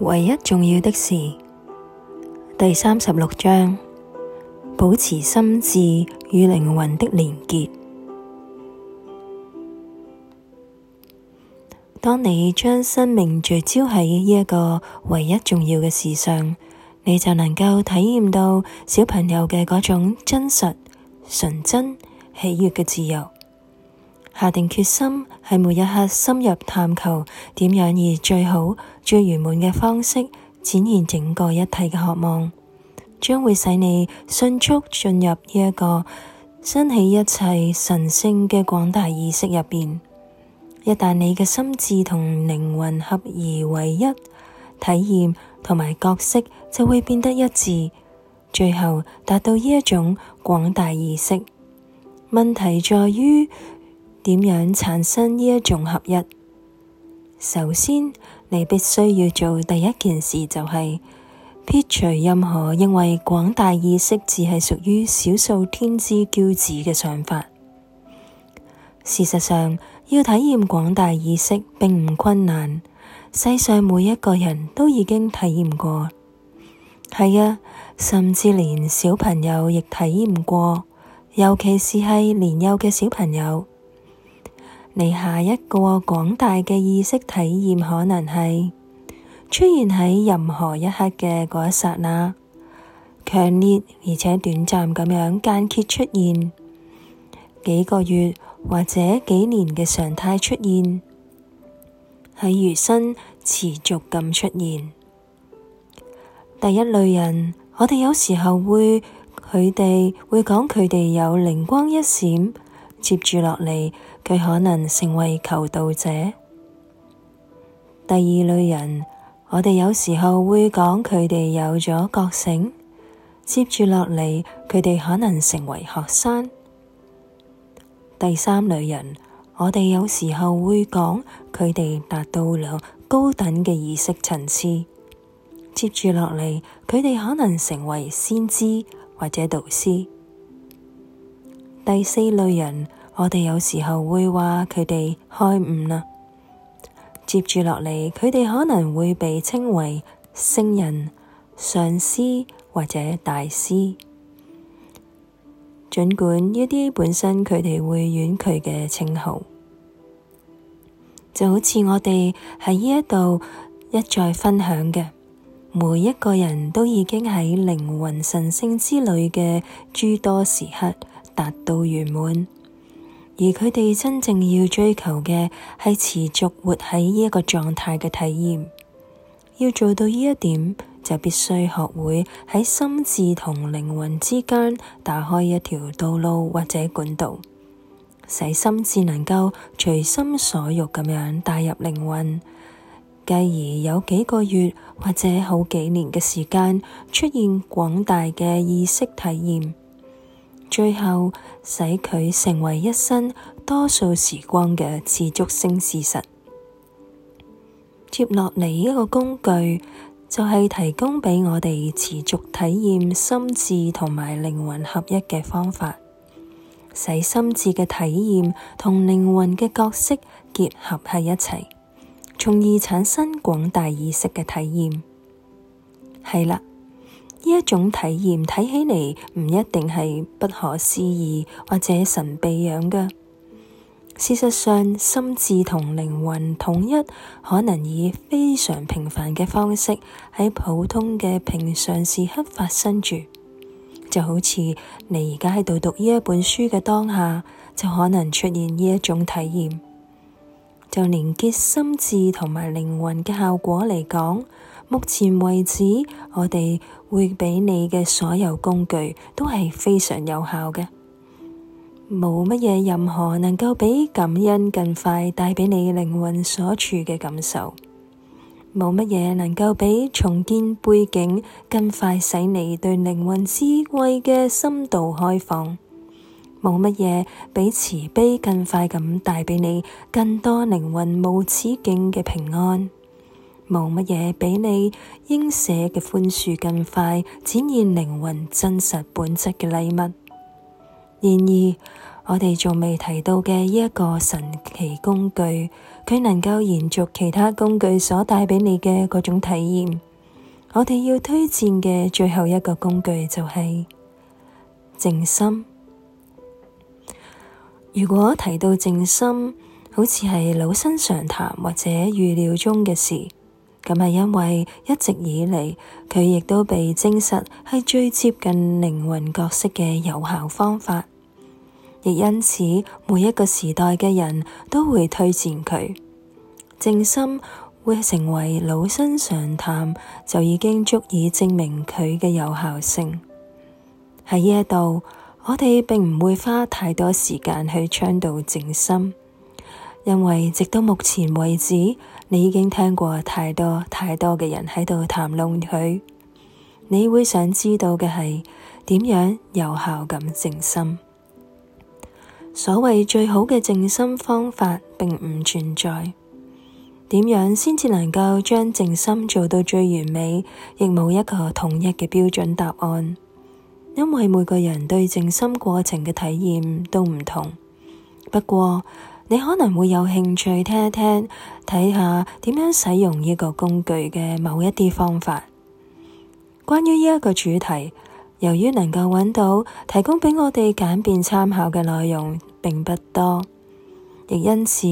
唯一重要的事第三十六章，保持心智與靈魂的連結。當你將生命聚焦喺呢一個唯一重要嘅事上，你就能夠體驗到小朋友嘅嗰種真實、純真、喜悦嘅自由。下定決心喺每一刻深入探求點樣，而最好最圓滿嘅方式展現整個一體嘅渴望，將會使你迅速進入呢、這、一個升起一切神聖嘅廣大意識入邊。一旦你嘅心智同靈魂合而為一，體驗同埋角色就會變得一致，最後達到呢一種廣大意識。問題在於。點樣產生呢一種合一？首先，你必須要做第一件事，就是，就係撇除任何認為廣大意識只係屬於少數天之驕子嘅想法。事實上，要體驗廣大意識並唔困難，世上每一個人都已經體驗過，係啊，甚至連小朋友亦體驗過，尤其是係年幼嘅小朋友。你下一個廣大嘅意識體驗，可能係出現喺任何一刻嘅嗰一剎那，強烈而且短暫咁樣間歇出現，幾個月或者幾年嘅常態出現，喺餘生持續咁出現。第一類人，我哋有時候會，佢哋會講佢哋有靈光一閃，接住落嚟。佢可能成為求道者。第二類人，我哋有時候會講佢哋有咗覺醒。接住落嚟，佢哋可能成為學生。第三類人，我哋有時候會講佢哋達到了高等嘅意識層次。接住落嚟，佢哋可能成為先知或者導師。第四類人。我哋有時候會話佢哋開悟啦，接住落嚟，佢哋可能會被稱為聖人、上師或者大師，儘管呢啲本身佢哋會遠佢嘅稱號，就好似我哋喺呢度一再分享嘅，每一個人都已經喺靈魂神性之旅嘅諸多時刻達到圓滿。而佢哋真正要追求嘅係持續活喺呢一個狀態嘅體驗。要做到呢一點，就必須學會喺心智同靈魂之間打開一條道路或者管道，使心智能夠隨心所欲咁樣帶入靈魂，繼而有幾個月或者好幾年嘅時間出現廣大嘅意識體驗。最後使佢成為一生多數時光嘅持續性事實。接落嚟一個工具就係提供畀我哋持續體驗心智同埋靈魂合一嘅方法，使心智嘅體驗同靈魂嘅角色結合喺一齊，從而產生廣大意識嘅體驗。係啦。呢一種體驗睇起嚟唔一定係不可思議或者神秘樣嘅，事實上心智同靈魂統一可能以非常平凡嘅方式喺普通嘅平常時刻發生住，就好似你而家喺度讀呢一本書嘅當下，就可能出現呢一種體驗，就連結心智同埋靈魂嘅效果嚟講，目前為止我哋。會俾你嘅所有工具都係非常有效嘅，冇乜嘢任何能夠比感恩更快帶俾你靈魂所處嘅感受，冇乜嘢能夠比重建背景更快使你對靈魂智慧嘅深度開放，冇乜嘢比慈悲更快咁帶俾你更多靈魂無止境嘅平安。冇乜嘢比你應捨嘅寬恕更快展現靈魂真實本質嘅禮物。然而，我哋仲未提到嘅呢一個神奇工具，佢能夠延續其他工具所帶畀你嘅嗰種體驗。我哋要推薦嘅最後一個工具就係靜心。如果提到靜心，好似係老生常談或者預料中嘅事。咁係因為一直以嚟，佢亦都被證實係最接近靈魂角色嘅有效方法，亦因此每一個時代嘅人都會推薦佢。靜心會成為老生常談，就已經足以證明佢嘅有效性。喺呢度，我哋並唔會花太多時間去倡導靜心，因為直到目前為止。你已經聽過太多太多嘅人喺度談論佢，你會想知道嘅係點樣有效咁靜心？所謂最好嘅靜心方法並唔存在，點樣先至能夠將靜心做到最完美，亦冇一個統一嘅標準答案。因為每個人對靜心過程嘅體驗都唔同，不過。你可能會有興趣聽一聽，睇下點樣使用呢個工具嘅某一啲方法。關於呢一個主題，由於能夠揾到提供畀我哋簡便參考嘅內容並不多，亦因此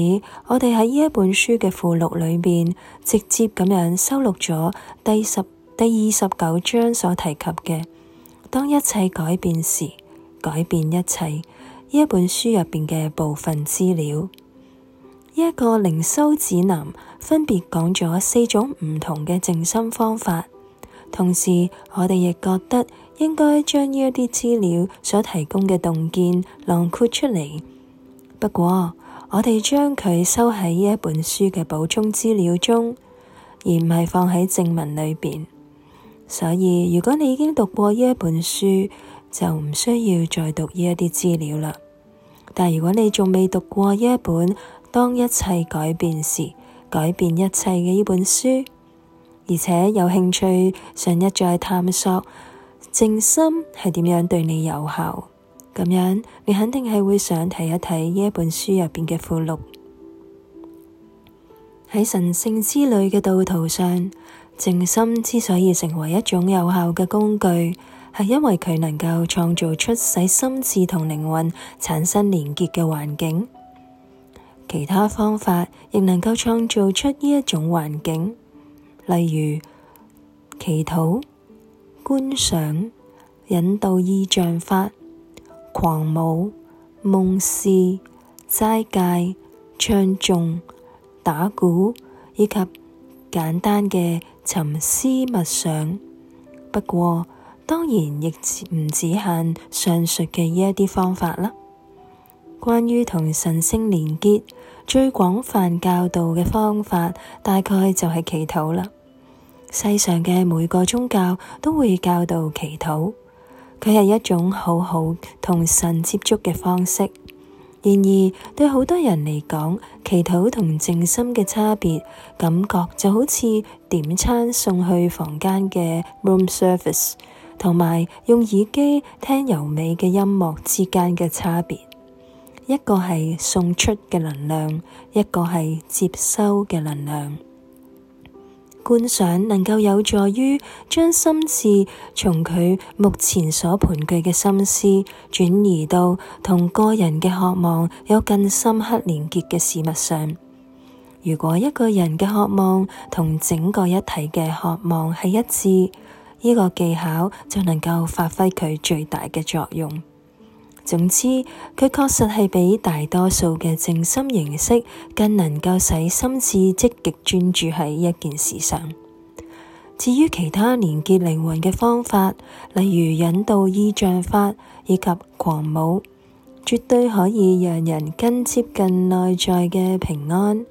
我哋喺呢一本書嘅附錄裏邊直接咁樣收錄咗第十第二十九章所提及嘅，當一切改變時，改變一切。呢一本書入邊嘅部分資料，呢一個靈修指南分別講咗四種唔同嘅靜心方法。同時，我哋亦覺得應該將呢一啲資料所提供嘅洞見囊括出嚟。不過，我哋將佢收喺呢一本書嘅補充資料中，而唔係放喺正文裏邊。所以，如果你已經讀過呢一本書，就唔需要再讀呢一啲資料啦。但如果你仲未讀過呢一本當一切改變時改變一切嘅呢本書，而且有興趣想一再探索靜心係點樣對你有效，咁樣你肯定係會想睇一睇呢一本書入邊嘅附錄。喺神聖之旅嘅道途上，靜心之所以成為一種有效嘅工具，係因為佢能夠創造出使心智同靈魂產生連結嘅環境，其他方法亦能夠創造出呢一種環境，例如祈禱、觀賞、引導意象法、狂舞、夢視、齋戒、唱誦、打鼓，以及簡單嘅沉思默想。不過，當然亦唔只限上述嘅呢一啲方法啦。關於同神聖連結最廣泛教導嘅方法，大概就係祈禱啦。世上嘅每個宗教都會教導祈禱，佢係一種好好同神接觸嘅方式。然而對好多人嚟講，祈禱同靜心嘅差別感覺就好似點餐送去房間嘅 room service。同埋用耳機聽優美嘅音樂之間嘅差別，一個係送出嘅能量，一個係接收嘅能量。觀想能夠有助於將心智從佢目前所盤踞嘅心思轉移到同個人嘅渴望有更深刻連結嘅事物上。如果一個人嘅渴望同整個一體嘅渴望係一致。呢個技巧就能夠發揮佢最大嘅作用。總之，佢確實係比大多數嘅靜心形式更能夠使心智積極專注喺一件事上。至於其他連結靈魂嘅方法，例如引導意象法以及狂舞，絕對可以讓人更接近內在嘅平安，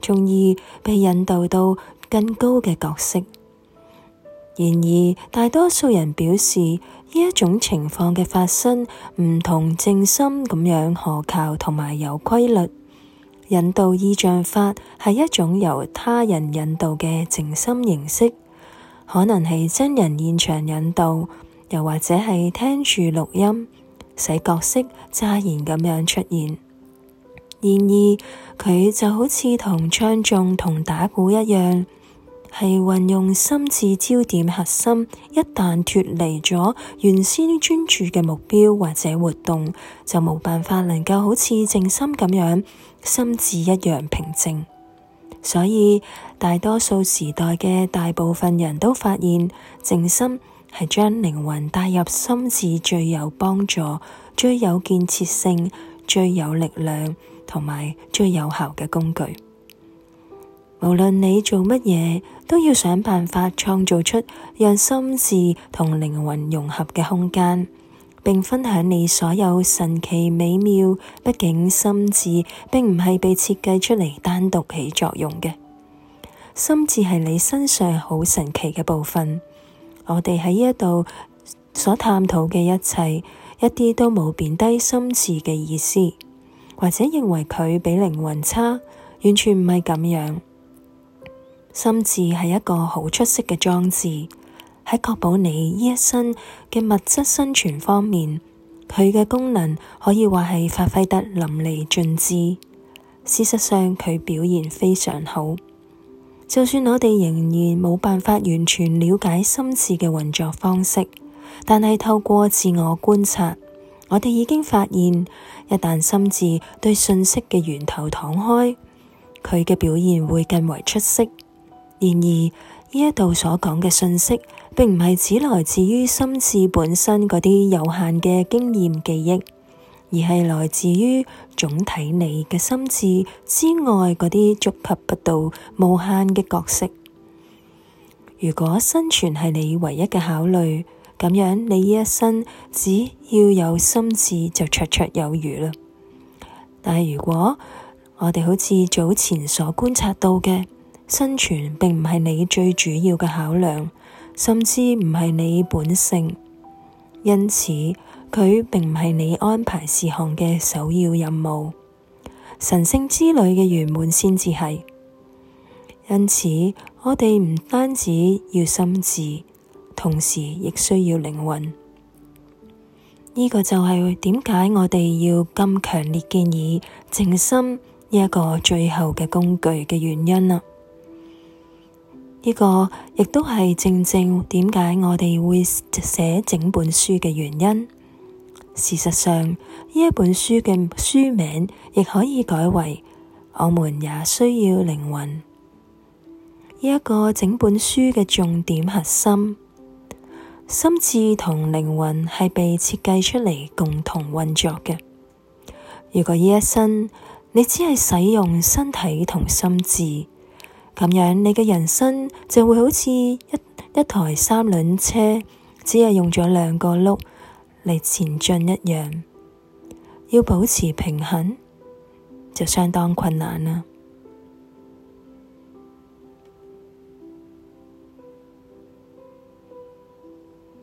從而被引導到更高嘅角色。然而，大多數人表示呢一種情況嘅發生唔同靜心咁樣可靠同埋有規律。引導意象法係一種由他人引導嘅靜心形式，可能係真人現場引導，又或者係聽住錄音使角色扎然咁樣出現。然而，佢就好似同唱誦同打鼓一樣。係運用心智焦點核心，一旦脫離咗原先專注嘅目標或者活動，就冇辦法能夠好似靜心咁樣，心智一樣平靜。所以，大多數時代嘅大部分人都發現，靜心係將靈魂帶入心智最有幫助、最有建設性、最有力量同埋最有效嘅工具。無論你做乜嘢，都要想辦法創造出讓心智同靈魂融合嘅空間，並分享你所有神奇美妙。畢竟心智並唔係被設計出嚟單獨起作用嘅，心智係你身上好神奇嘅部分。我哋喺呢一度所探討嘅一切，一啲都冇貶低心智嘅意思，或者認為佢比靈魂差，完全唔係咁樣。心智係一個好出色嘅裝置，喺確保你呢一身嘅物質生存方面，佢嘅功能可以話係發揮得淋漓盡致。事實上，佢表現非常好。就算我哋仍然冇辦法完全了解心智嘅運作方式，但係透過自我觀察，我哋已經發現，一旦心智對信息嘅源頭敞開，佢嘅表現會更為出色。然而，呢一度所講嘅信息，並唔係只來自於心智本身嗰啲有限嘅經驗記憶，而係來自於總體你嘅心智之外嗰啲觸及不到無限嘅角色。如果生存係你唯一嘅考慮，咁樣你呢一生只要有心智就綽綽有餘啦。但係如果我哋好似早前所觀察到嘅。生存並唔係你最主要嘅考量，甚至唔係你本性，因此佢並唔係你安排事項嘅首要任務。神聖之旅嘅圓滿先至係，因此我哋唔單止要心智，同時亦需要靈魂。呢、這個就係點解我哋要咁強烈建議靜心呢一個最後嘅工具嘅原因啦。呢個亦都係正正點解我哋會寫整本書嘅原因。事實上，呢一本書嘅書名亦可以改為《我們也需要靈魂》。呢、這、一個整本書嘅重點核心，心智同靈魂係被設計出嚟共同運作嘅。如果呢一生你只係使用身體同心智，咁樣，你嘅人生就會好似一一台三輪車，只係用咗兩個轆嚟前進一樣。要保持平衡，就相當困難啦。